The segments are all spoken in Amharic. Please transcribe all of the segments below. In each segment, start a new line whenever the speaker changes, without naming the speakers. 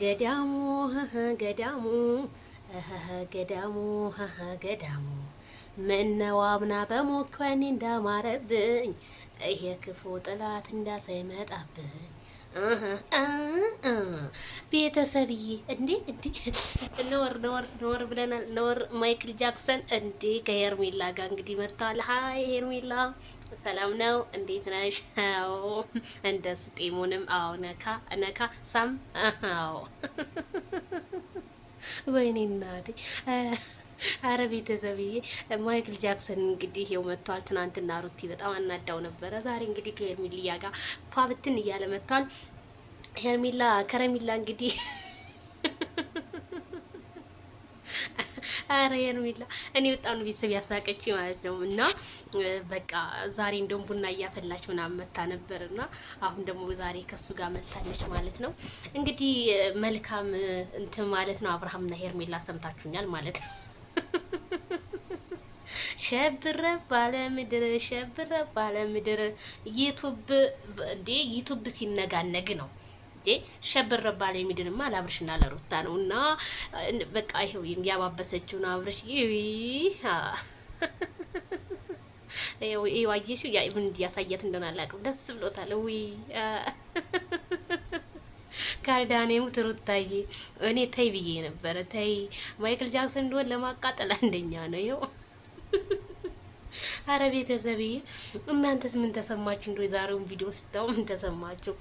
ገዳሙ ገዳሙ ገዳሙ ገዳሙ ምነው አምና በሞከኔ እንዳማረብኝ ይሄ ክፉ ጥላት እንዳሳይመጣብኝ ቤተሰብዬ እንዴ እንዴ ነወር ነወር ነወር ብለናል። ነወር ማይክል ጃክሰን እንዴ ከሄርሜላ ጋር እንግዲህ መጥተዋል። ሀይ ሄርሜላ ሰላም ነው፣ እንዴት ነሽ? አዎ እንደሱ ጤሙንም አዎ ነካ ነካ ሳም አዎ ወይኔ እናቴ። አረ ቤተሰብዬ ማይክል ጃክሰን እንግዲህ ይኸው መጥቷል። ትናንትና ሩቲ በጣም አናዳው ነበረ። ዛሬ እንግዲህ ከሄርሚላ ጋር ፏብትን እያለ መጥቷል። ሄርሚላ ከረሚላ እንግዲህ አረ ሄርሜላ እኔ በጣም ነው ቤተሰብ ያሳቀች ማለት ነው። እና በቃ ዛሬ እንደውም ቡና እያፈላች ምናምን መታ ነበር እና አሁን ደግሞ ዛሬ ከሱ ጋር መታለች ማለት ነው። እንግዲህ መልካም እንትን ማለት ነው። አብርሃምና ሄርሜላ ሰምታችሁኛል ማለት ነው። ሸብረ ባለ ምድር ሸብረ ባለ ምድር ዩቱብ እንዴ ዩቱብ ሲነጋነግ ነው ሄጄ ሸብር ባል የሚድንማ ለአብርሽና ለሩታ ነው። እና በቃ ይሄው ያባበሰችውን አብርሽ ዋየሽ ምን እንዲያሳያት እንደሆነ አላውቅም። ደስ ብሎታል። ውይ ካልዳኔሙ ትሩታዬ እኔ ተይ ብዬ ነበረ። ተይ ማይክል ጃክሰን እንደሆን ለማቃጠል አንደኛ ነው። ይኸው አረ ቤተሰብዬ፣ እናንተስ ምን ተሰማችሁ? እንደ የዛሬውን ቪዲዮ ስታው ምን ተሰማችሁ?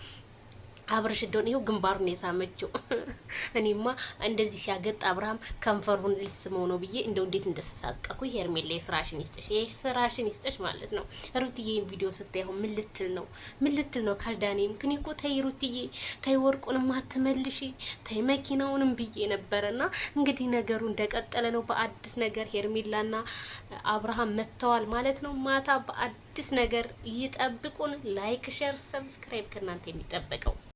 አብርሽ እንደሆነ ይኸው ግንባሩን የሳመችው። እኔማ እንደዚህ ሲያገጥ አብርሃም ከንፈሩን ልስመው ነው ብዬ እንደው እንዴት እንደተሳቀኩ። ሄርሜላ የስራሽን ይስጥሽ፣ የስራሽን ይስጥሽ ማለት ነው። ሩትዬ ቪዲዮ ስታየው ምን ልትል ነው? ምን ልትል ነው? ካልዳኔ ሙትን እኮ ተይ ሩትዬ፣ ተይ ወርቁንም አትመልሺ፣ ተይ መኪናውንም ብዬ ነበረና እንግዲህ ነገሩ እንደቀጠለ ነው። በአዲስ ነገር ሄርሜላና አብርሃም መጥተዋል ማለት ነው። ማታ በአዲስ ነገር ይጠብቁን። ላይክ፣ ሼር፣ ሰብስክራይብ ከእናንተ የሚጠበቀው